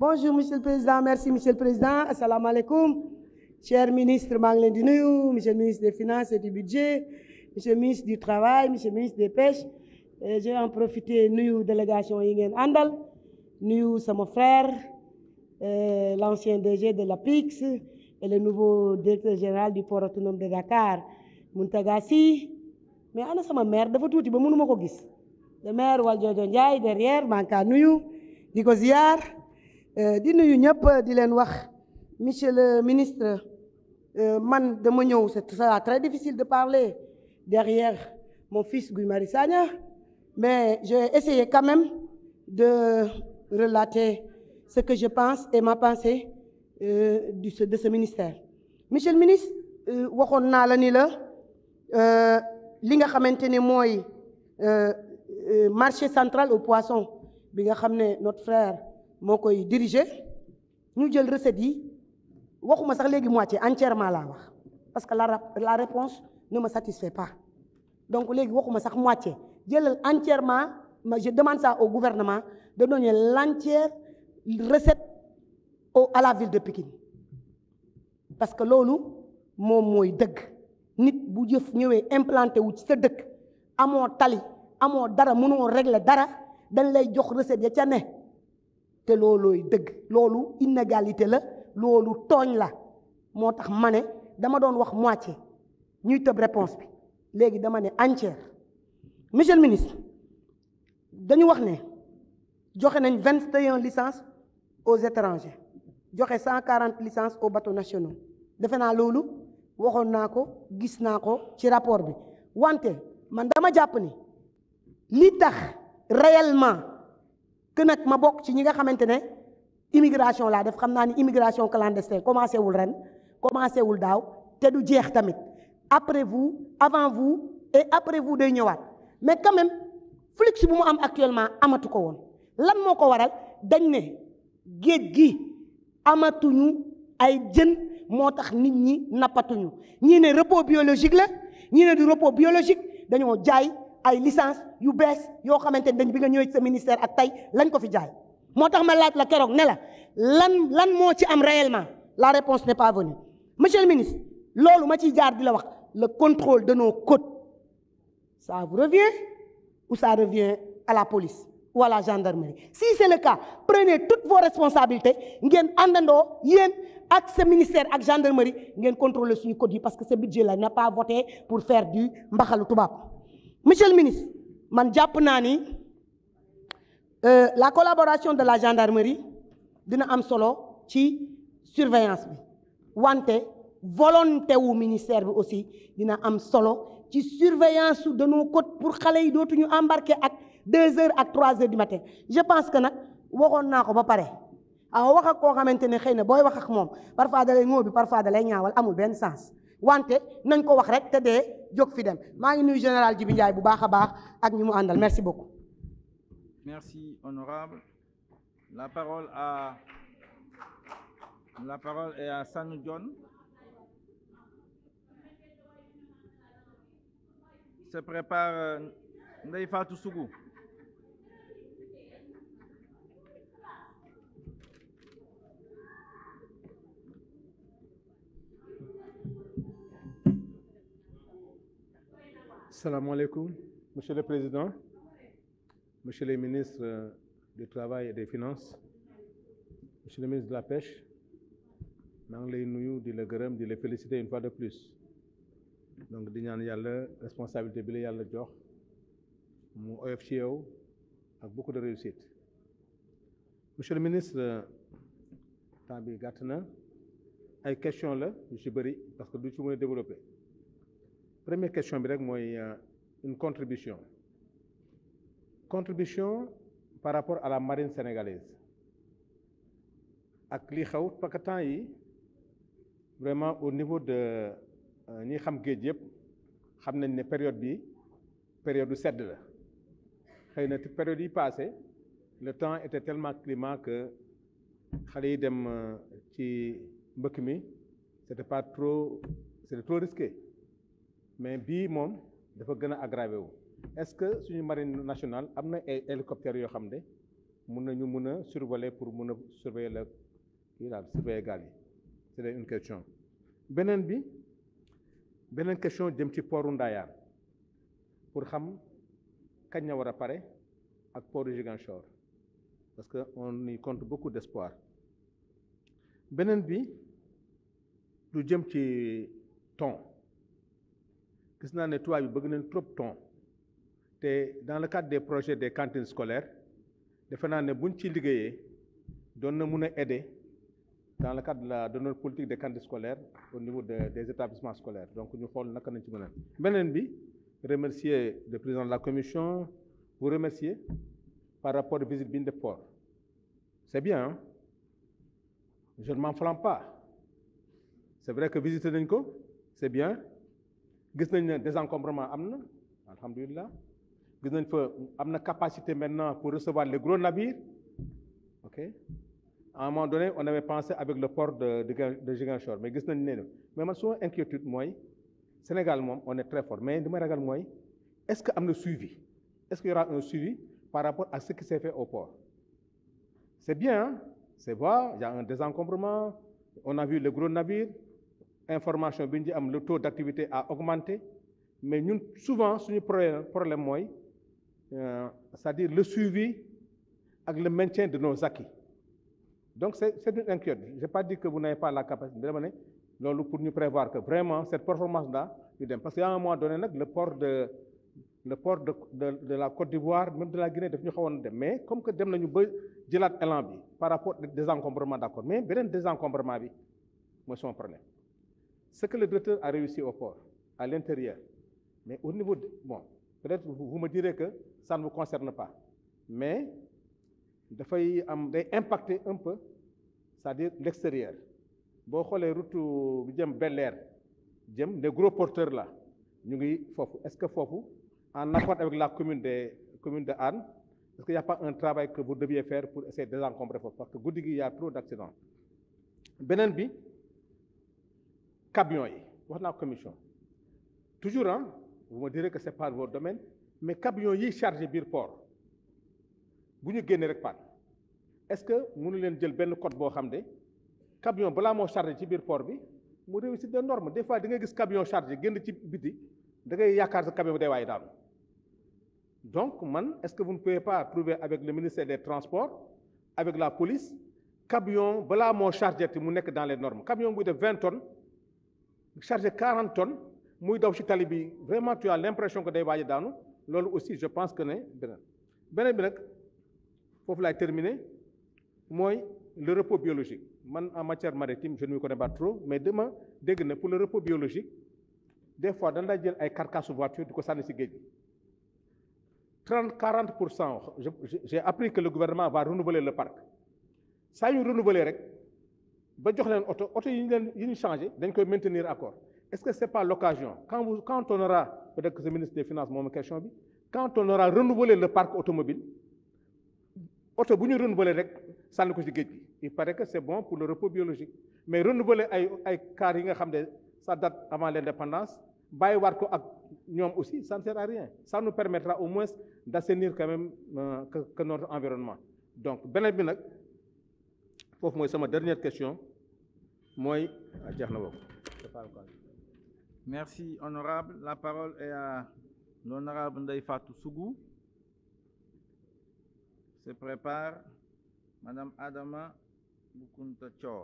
bonjour monsieur le président merci monsieur le président asalaamaaleykum cher ministre maa ngi leen di nuyu monsieur ministre des finances et du budget monsieur le ministre du travail monsieur ministre des pêches euh, et j'ai en profité nuyu délégation yi ngeen àndal nuyu sama frère euh, l'ancien DG de la l'APIX et le nouveau directeur général du port autonome de Dakar Mountaga Sy mais ana sama maire dafa tuuti ba mënuma ko gis le maire Valdiodio Ndiaye derrière maa ngi kaa nuyu di ko ziar euh, di nuyu ñëpp di leen wax monsieur le ministre euh, man dama ñëw c'est sera très difficile de parler derrière mon fils Guy Marius Sagna mais j'ai essayé quand même de relater ce que je pense et ma pensée euh, de se ministère monsieur le ministre euh, waxoon naa la ni la li nga xamante ne mooy. Euh, marché central au poisson bi nga xam ne notre frère moo koy diriger ñu jël recette yi waxuma sax léegi moitié entièrement la wax parce que la la réponse ne ma satisfait pas donc léegi waxuma sax moitié jël entièrement ma je demande ça au gouvernement de donner l'entière recette au à la ville de Pikine parce que loolu moom mooy dëgg nit bu jëf ñëwee implanté wu ci sa dëkk amoo tali. amoo dara mënoo régler dara dañ lay jox recette ya ca ne te loolooy dëgg loolu inégalité la loolu tooñ la moo tax ma ne dama doon wax mois moitié ñuy tëb réponse bi léegi dama ne entière monsieur le ministre dañu wax ne joxe nañ vingt et un licences aux étrangers joxe cent quarante licences aux bateaux nationaux defe naa loolu waxoon naa ko gis naa ko ci rapport bi wante man dama jàpp ni li tax réellement que nag ma bokk ci ñi nga xamante ne immigration laa def xam naa ni immigration clandestine commencé wul ren commencé wul daaw te du jeex tamit après vous avant vous et après vous day ñëwaat mais quand même flux bu mu am actuellement amatu ko woon lan moo ko waral dañ ne géej gi amatuñu ay jën moo tax nit ñi nappatuñu ñii ne repos biologique la ñii ne du repos biologique dañoo jaay ay licence yu bees yoo xamante ne dañ bi nga ñëwee sa ministère ak tey lañ ko fi jaay moo tax ma laaj la keroog nela lan lan moo ci am réellement la réponse n'est pas venue monsieur le ministre loolu ma ciy jaar di la wax le contrôle de nos côtes ça vous revient ou ça revient à la police ou à la gendarmerie si c'est le cas prenez toutes vos responsabilités ngeen àndandoo yéen ak sa ministère ak gendarmerie ngeen contrôler suñu côtes yi parce que ce budget là n'a pas voté pour faire du mbaxalu tubaab monsieur le ministre man jàpp naa ni euh, la collaboration de la gendarmerie dina am solo ci surveillance bi wante volonté wu ministère bi aussi dina am solo ci surveillance de nos côtes pour xale yi dootuñu embarquer ak deux heures ak trois heures du matin je pense que nag waxoon naa ko ba pare a wax ak koo xamante ne xëy na booy wax ak moom parfois da lay ŋóobi parfois da lay ñaawal amul benn sens wante nañ ko wax rek te dee jóg fi dem maa ngi nuyu général Djibi Ndiaye bu baax a baax ak ñi mu àndal merci beaucoup. merci honorable la parole à la parole est à Sanou Dione se prépare euh, Ndeye Fatou sugu Salaamaaleykum, Monsieur le Président, Monsieur le ministre du Travail et des Finances, Monsieur le ministre de la Pêche, maa ngi lay nuyu di la gërëm di la féliciter une fois de plus donc di ñaan yàlla responsabilité bi la yàlla jox mu oyof ci ak beaucoup de réussite. Monsieur le ministre temps bi gàtt na ay question la yu ci bëri parce que du ci mën a première question bi rek mooy euh, une contribution contribution par rapport à la marine sénégalaise ak li xew parce que temps yi vraiment au niveau de euh, ñi xam géej yëpp xam nañ ne période bi période du sedd la xëy na période yi passé le temps était tellement climat que xale yi dem euh, ci mbëkk mi c'était pas trop c'était trop risqué mais bii moom dafa gën a aggravé wu est-ce que suñu marine national am na ay yoo xam ne mun nañu mun a survoler pour mun a surveiller la kii daal surveiller gaal yi c'est une question beneen bi beneen question jëm ci pooru Ndayane pour xam kañ la war a pare ak pooru Ziguinchor parce que on y compte beaucoup d'espoir beneen bi lu jëm ci ton gis naa ne tubaab yi bëgg nañ trop ton te dans le cadre des projet des cantines scolaires defe naa ne buñ ci liggéeyee doon na mun a aider dans le cadre de la de notre politique des cantines scolaires au niveau de, des établissements scolaires donc ñu xool naka nañ ci mën a beneen bi remercier le président de la commission vous remercier par rapport de visite bi ñu def port c'est bien hein? je m'en flamme c'est vrai que visiter nañ ko c'est bien gis nañ ne désencombrement am na alhamdulilah gis nañ fa am na capacité maintenant pour recevoir les gros navires ok à un moment donné on avait pensé avec le port de de de Ziguinchor mais gis nañ ne mais man suma inquiétude mooy Sénégal moom on est très fort mais li may ragal mooy est-ce que am na suivi est-ce qu'il y aura un suivi par rapport à ce qui s'est fait au port c'est bien c'est vrai il y a un désencombrement on a vu les gros navires information bi ñu am le taux d' activité a augmenté mais ñun souvent suñu problème problème mooy euh, c'est-à-dire le suivi ak le maintien de nos acquis donc c'est c'est une inquiétude j'ai pas dit que vous n'avez pas la capacité dama ne loolu pour ñu prévoir que vraiment cette performance là ñu dem parce que à un moment donné nag le port de le port de de, la Côte d'Ivoire même de la Guinée daf ñu xawoon dem mais comme que dem nañu ba jëlaat élan bi par rapport désencombrement mais beneen désencombrement bi mooy son problème ce que le directeur a réussi au port, l'intérieur, mais au niveau de, bon, peut-être vous, vous, me que ça ne vous concerne pas, mais il faut impacter un peu, c'est-à-dire l'extérieur. boo xoolee route jëm Bel Air jëm les gros porteurs là ñu ngi foofu est-ce que foofu en accord avec la commune de commune de Hann est-ce qu'il y a pas un travail que vous deviez faire pour essayer de désencombrer foofu parce que guddi gi y a trop beneen bi camion yi wax naa commission toujours ah vous me direz que c'est pas votre domaine mais camion yi chargé biir port bu ñu génnee rek paan est-ce que mënu leen jël benn code boo xam ne camion balaa moo chargé ci biir port bi mu réussir des normes des fois da ngay gis camion chargé génn ci biti da ngay yaakaar sa camion bi day waaye daanu donc man est-ce que vous ne pouvez pas prouver avec le ministère des transports avec la police camion balaa moo chargé te mu nekk dans les normes camion buy def vingt tonnes chargé quarante tonnes muy daw ci tali bi vraiment tu as l'impression que day waaj daanu loolu aussi je pense que ne beneen beneen bi nag foofu laay terminer mooy le repos biologique man en matière maritime je ne me connais pas trop mais dama dégg na pour le repos biologique des fois dañ lay jël ay carcasses voiture di ko sànni ci géej gi trente quarante pour cent j'ai appris que le gouvernement va renouveler le parc saa yu rek ba jox leen oto oto yi ñu leen changé dañ koy maintenir accord est-ce que c'est pas l'occasion quand vous quand on aura peut-être que ce ministre des finances moom question bi quand on aura renouvelé le parc automobile oto bu ñu renouvelé rek sànni ko si géej gi il paraît que c'est bon pour le repos biologique mais renouveler ay ay car yi nga xam ne sa date avant l'indépendance bàyyi waat ko ak ñoom aussi ça ne sert à rien ça nous permettra au moins d'assainir quand même euh, que, que notre donc beneen bi nag foofu mooy sama dernière question mooy ah, jeex na boobu merci honorable la parole est à l'honorable Ndeye Fatou Sougou se prépare madame Adama Boukounta Thior